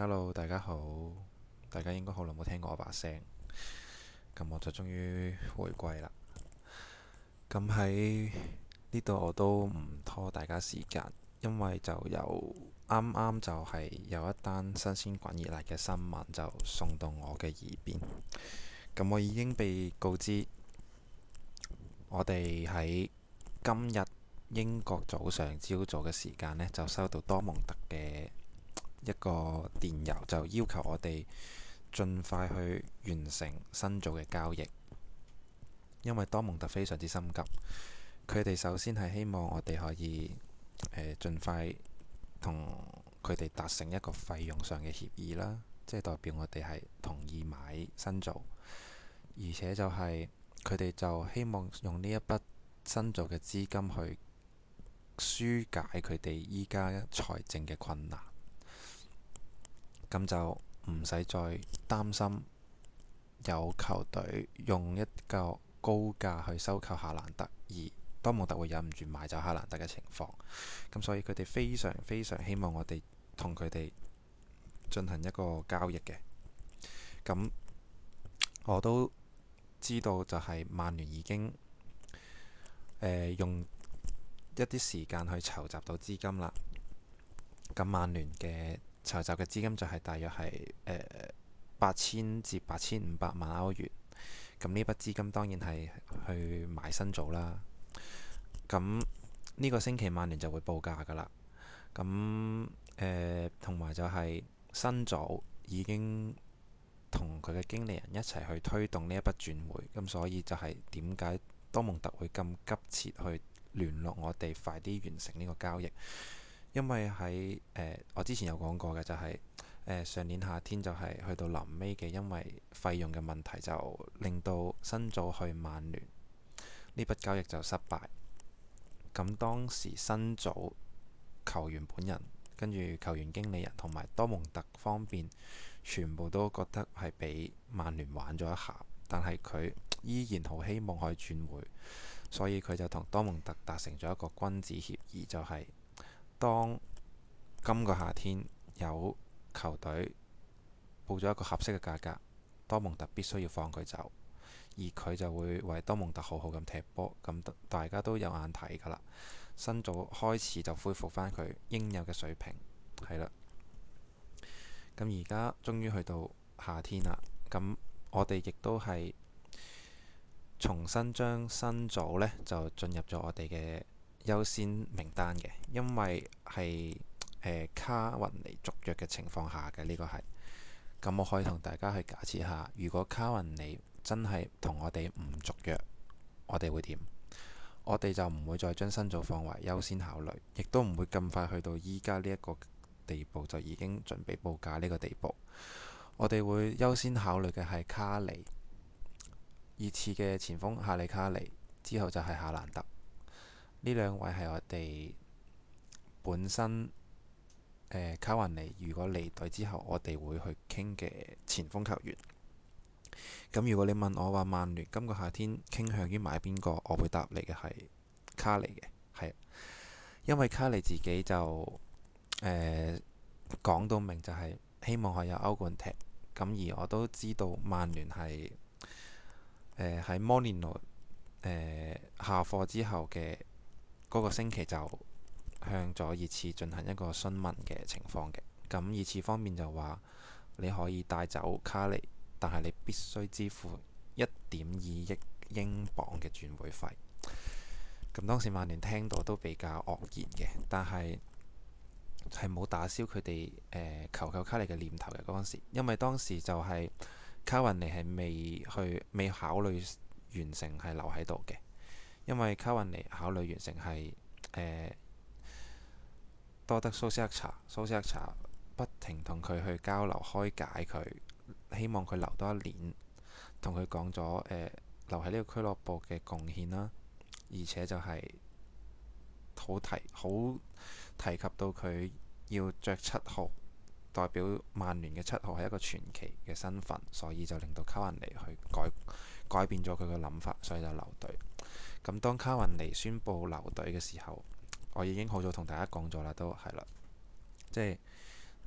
Hello，大家好，大家應該好耐冇聽過我把聲，咁我就終於回歸啦。咁喺呢度我都唔拖大家時間，因為就有啱啱就係有一單新鮮滾熱辣嘅新聞就送到我嘅耳邊。咁我已經被告知，我哋喺今日英國早上朝早嘅時間呢，就收到多蒙特嘅。一個電郵就要求我哋盡快去完成新造嘅交易，因為多蒙特非常之心急。佢哋首先係希望我哋可以盡快同佢哋達成一個費用上嘅協議啦，即係代表我哋係同意買新造，而且就係佢哋就希望用呢一筆新造嘅資金去紓解佢哋依家財政嘅困難。咁就唔使再擔心有球隊用一個高價去收購夏蘭特，而多蒙特會忍唔住買走夏蘭特嘅情況。咁所以佢哋非常非常希望我哋同佢哋進行一個交易嘅。咁我都知道就係曼聯已經，呃，用一啲時間去籌集到資金啦。咁曼聯嘅籌集嘅資金就係大約係誒八千至八千五百萬歐元，咁呢筆資金當然係去買新組啦。咁呢個星期曼聯就會報價㗎啦。咁誒同埋就係新組已經同佢嘅經理人一齊去推動呢一筆轉會，咁所以就係點解多蒙特會咁急切去聯絡我哋快啲完成呢個交易？因為喺誒、呃，我之前有講過嘅、就是，就係誒上年夏天就係去到臨尾嘅，因為費用嘅問題，就令到新組去曼聯呢筆交易就失敗。咁當時新組球員本人，跟住球員經理人同埋多蒙特方面，全部都覺得係俾曼聯玩咗一下，但係佢依然好希望可以轉會，所以佢就同多蒙特達成咗一個君子協議，就係、是。當今個夏天有球隊報咗一個合適嘅價格，多蒙特必須要放佢走，而佢就會為多蒙特好好咁踢波，咁大家都有眼睇㗎啦。新組開始就恢復返佢應有嘅水平，係啦。咁而家終於去到夏天啦，咁我哋亦都係重新將新組呢就進入咗我哋嘅。優先名單嘅，因為係誒、呃、卡雲尼續約嘅情況下嘅呢、呢個係。咁我可以同大家去假設下，如果卡雲尼真係同我哋唔續約，我哋會點？我哋就唔會再將新造放為優先考慮，亦都唔會咁快去到依家呢一個地步，就已經準備報價呢個地步。我哋會優先考慮嘅係卡尼熱刺嘅前鋒夏利卡尼，之後就係夏蘭特。呢兩位係我哋本身誒、呃、卡雲尼，如果離隊之後，我哋會去傾嘅前鋒球員。咁、嗯、如果你問我話曼聯今個夏天傾向於買邊個，我會答你嘅係卡尼嘅，係因為卡尼自己就誒講、呃、到明就係希望係有歐冠踢。咁、嗯、而我都知道曼聯係誒喺摩連奴誒下課之後嘅。嗰個星期就向咗熱刺進行一個詢問嘅情況嘅，咁熱刺方面就話你可以帶走卡利，但係你必須支付一點二億英鎊嘅轉會費。咁當時曼聯聽到都比較愕然嘅，但係係冇打消佢哋誒求購卡利嘅念頭嘅嗰陣時，因為當時就係卡雲尼係未去未考慮完成係留喺度嘅。因為卡雲尼考慮完成係誒、呃、多得蘇斯克查，蘇斯克查不停同佢去交流、開解佢，希望佢留多一年。同佢講咗誒留喺呢個俱樂部嘅貢獻啦，而且就係好提好提及到佢要着七號，代表曼聯嘅七號係一個傳奇嘅身份，所以就令到卡雲尼去改改變咗佢嘅諗法，所以就留隊。咁當卡雲尼宣佈留隊嘅時候，我已經好早同大家講咗啦，都係啦，即係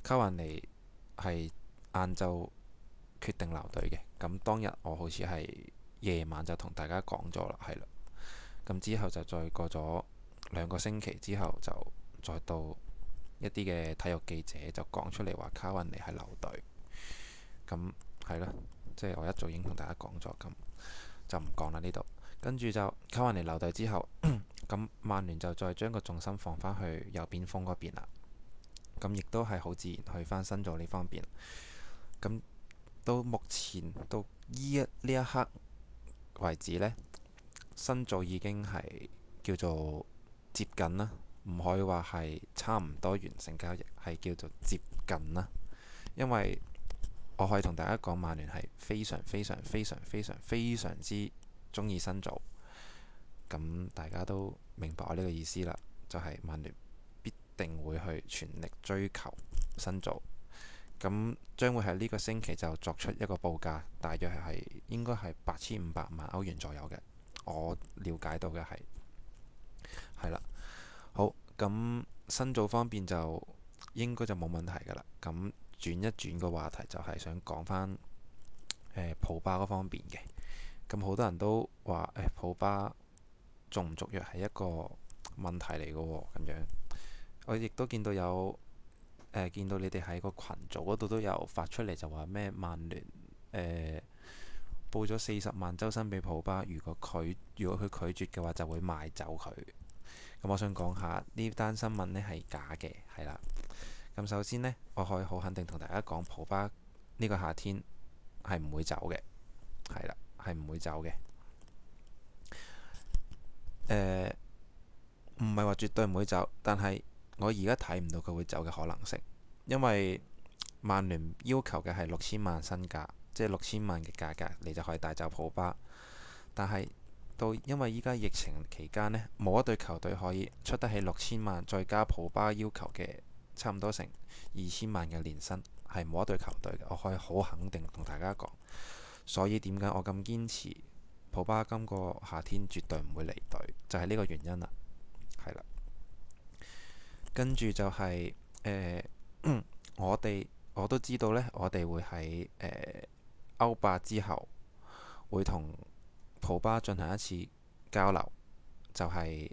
卡雲尼係晏晝決定留隊嘅。咁當日我好似係夜晚就同大家講咗啦，係啦。咁之後就再過咗兩個星期之後，就再到一啲嘅體育記者就講出嚟話卡雲尼係留隊，咁係啦，即係我一早已經同大家講咗，咁就唔講啦呢度。跟住就卡瓦尼留隊之後，咁 曼聯就再將個重心放翻去右邊鋒嗰邊啦。咁亦都係好自然去翻新造呢方面。咁到目前到依一呢一刻為止呢，新造已經係叫做接近啦，唔可以話係差唔多完成交易，係叫做接近啦。因為我可以同大家講，曼聯係非常非常非常非常非常之，中意新組，咁大家都明白我呢個意思啦，就係、是、曼聯必定會去全力追求新組，咁將會喺呢個星期就作出一個報價，大約係應該係八千五百萬歐元左右嘅，我了解到嘅係，係啦，好，咁新組方面就應該就冇問題㗎啦，咁轉一轉個話題就係想講返誒普巴嗰方面嘅。咁好多人都話：誒、欸，普巴續唔續約係一個問題嚟嘅喎。咁樣，我亦都見到有誒、呃，見到你哋喺個群組嗰度都有發出嚟，就話咩曼聯誒報咗四十萬周薪俾普巴，如果佢如果佢拒絕嘅話，就會賣走佢。咁、嗯、我想講下呢單新聞呢係假嘅，係啦。咁、嗯、首先呢，我可以好肯定同大家講，普巴呢個夏天係唔會走嘅，係啦。係唔會走嘅，誒、呃，唔係話絕對唔會走，但係我而家睇唔到佢會走嘅可能性，因為曼聯要求嘅係六千萬身價，即係六千萬嘅價格，你就可以帶走普巴。但係到因為依家疫情期間呢，冇一隊球隊可以出得起六千萬，再加普巴要求嘅差唔多成二千萬嘅年薪，係冇一隊球隊嘅。我可以好肯定同大家講。所以點解我咁堅持普巴今個夏天絕對唔會離隊，就係呢個原因啦，係啦。跟住就係誒，我哋我都知道呢，我哋會喺誒歐霸之後，會同普巴進行一次交流，就係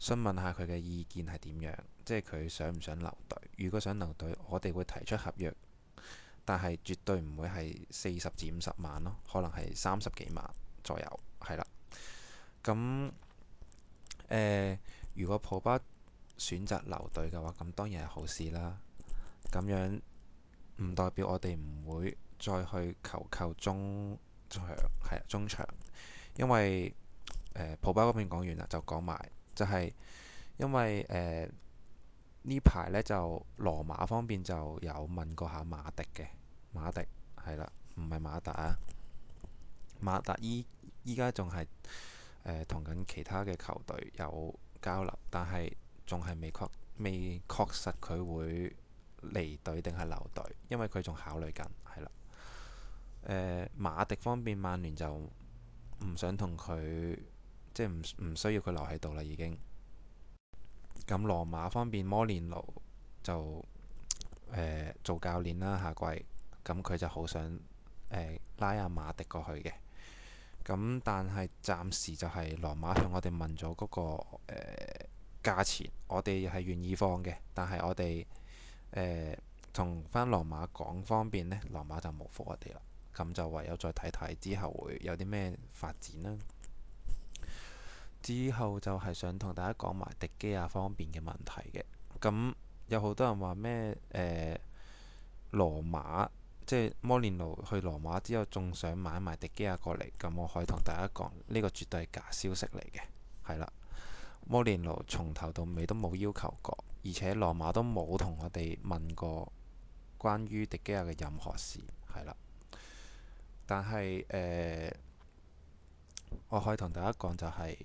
詢問下佢嘅意見係點樣，即係佢想唔想留隊。如果想留隊，我哋會提出合約。但係絕對唔會係四十至五十萬咯，可能係三十幾萬左右，係啦。咁誒、呃，如果普巴選擇留隊嘅話，咁當然係好事啦。咁樣唔代表我哋唔會再去求購中，中場，係啊，中場，因為誒普巴嗰邊講完啦，就講埋就係、是、因為誒。呃呢排咧就羅馬方面就有問過下馬迪嘅，馬迪係啦，唔係馬達啊，馬達依依家仲係誒同緊其他嘅球隊有交流，但係仲係未確未確實佢會離隊定係留隊，因為佢仲考慮緊，係啦。誒、呃、馬迪方面，曼聯就唔想同佢即係唔唔需要佢留喺度啦，已經。咁羅馬方面，摩連奴就誒、呃、做教練啦，下季咁佢就好想誒、呃、拉阿馬迪過去嘅。咁但係暫時就係羅馬向我哋問咗嗰、那個誒、呃、價錢，我哋係願意放嘅，但係我哋誒同返羅馬講方便呢，羅馬就冇覆我哋啦。咁就唯有再睇睇之後會有啲咩發展啦。之後就係想同大家講埋迪基亞方面嘅問題嘅，咁有好多人話咩誒，羅馬即係摩連奴去羅馬之後仲想買埋迪基亞過嚟，咁我可以同大家講呢個絕對係假消息嚟嘅，係啦。摩連奴從頭到尾都冇要求過，而且羅馬都冇同我哋問過關於迪基亞嘅任何事，係啦。但係誒，我可以同大家講就係。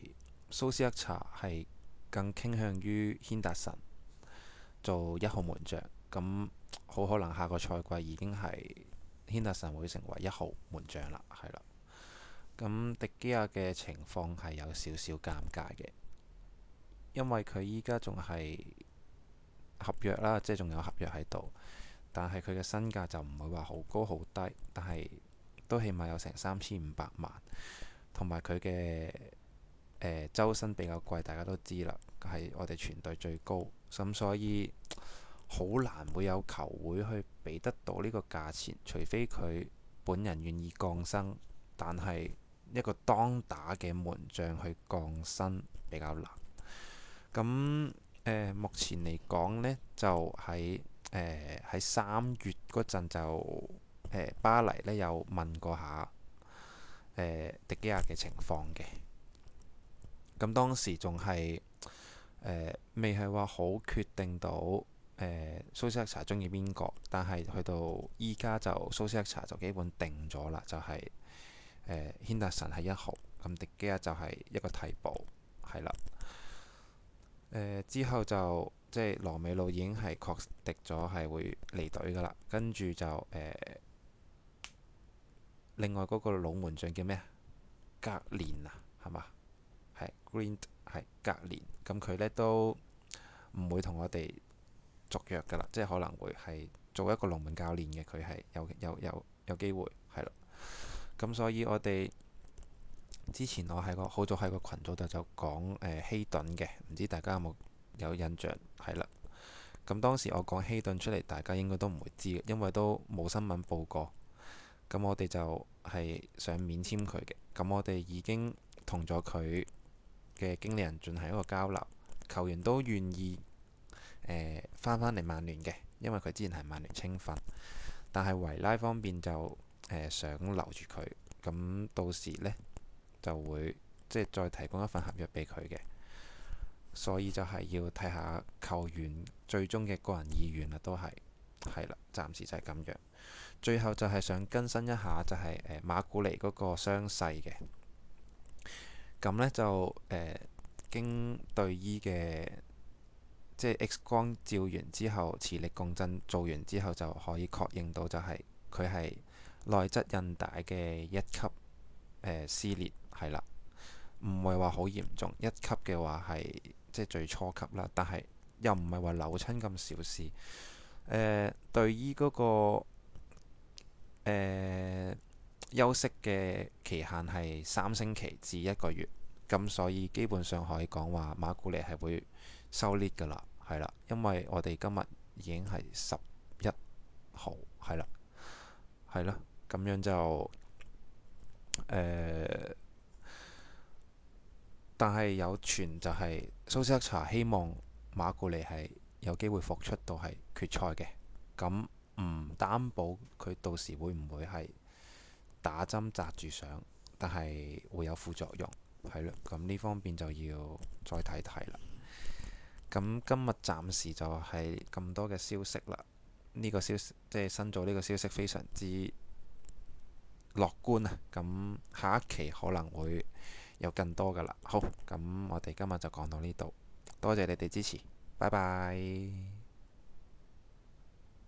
蘇斯克查係更傾向於軒達臣做一號門將，咁好可能下個賽季已經係軒達臣會成為一號門將啦，係啦。咁迪基亞嘅情況係有少少尷尬嘅，因為佢依家仲係合約啦，即係仲有合約喺度，但係佢嘅身價就唔會話好高好低，但係都起碼有成三千五百萬，同埋佢嘅。誒、呃、周薪比較貴，大家都知啦，係我哋全隊最高，咁所以好難會有球會去俾得到呢個價錢，除非佢本人願意降薪，但係一個當打嘅門將去降薪比較難。咁誒、呃、目前嚟講呢，就喺誒喺三月嗰陣就誒、呃、巴黎呢有問過下、呃、迪基亞嘅情況嘅。咁當時仲係誒未係話好決定到誒、呃，蘇西克查中意邊個？但係去到依家就蘇西克查就基本定咗啦，就係、是、誒，軒達臣係一號，咁迪基亞就係一個替補係啦。誒、呃、之後就即係羅美路已經係確定咗係會離隊噶啦，跟住就誒、呃、另外嗰個老門將叫咩啊？格連啊，係嘛？Green 係隔年咁，佢咧都唔會同我哋續約噶啦，即係可能會係做一個龍門教練嘅。佢係有有有有機會係啦。咁所以我哋之前我喺個好早喺個群組度就講誒希頓嘅，唔知大家有冇有，有印象係啦。咁當時我講希頓出嚟，大家應該都唔會知，因為都冇新聞報過。咁我哋就係想免簽佢嘅。咁我哋已經同咗佢。嘅經理人進行一個交流，球員都願意誒翻翻嚟曼聯嘅，因為佢之前係曼聯青訓，但係維拉方面就誒、呃、想留住佢，咁到時呢就會即係再提供一份合約俾佢嘅，所以就係要睇下球員最終嘅個人意願啦，都係係啦，暫時就係咁樣。最後就係想更新一下，就是，就係誒馬古尼嗰個傷勢嘅。咁呢，就誒、呃、經對醫嘅，即係 X 光照完之後，磁力共振做完之後就可以確認到就係佢係內側韌帶嘅一級、呃、撕裂，係啦，唔係話好嚴重，一級嘅話係即係最初級啦，但係又唔係話扭親咁小事，誒、呃、對醫嗰、個、呃休息嘅期限係三星期至一個月，咁所以基本上可以講話馬古尼係會收列㗎啦，係啦，因為我哋今日已經係十一號，係啦，係啦，咁樣就誒、呃，但係有傳就係蘇斯克查希望馬古尼係有機會復出到係決賽嘅，咁唔擔保佢到時會唔會係。打針扎住上，但係會有副作用，係咯。咁呢方面就要再睇睇啦。咁今日暫時就係咁多嘅消息啦。呢個消息，即係新做呢個消息非常之樂觀啊。咁下一期可能會有更多噶啦。好，咁我哋今日就講到呢度，多謝你哋支持，拜拜。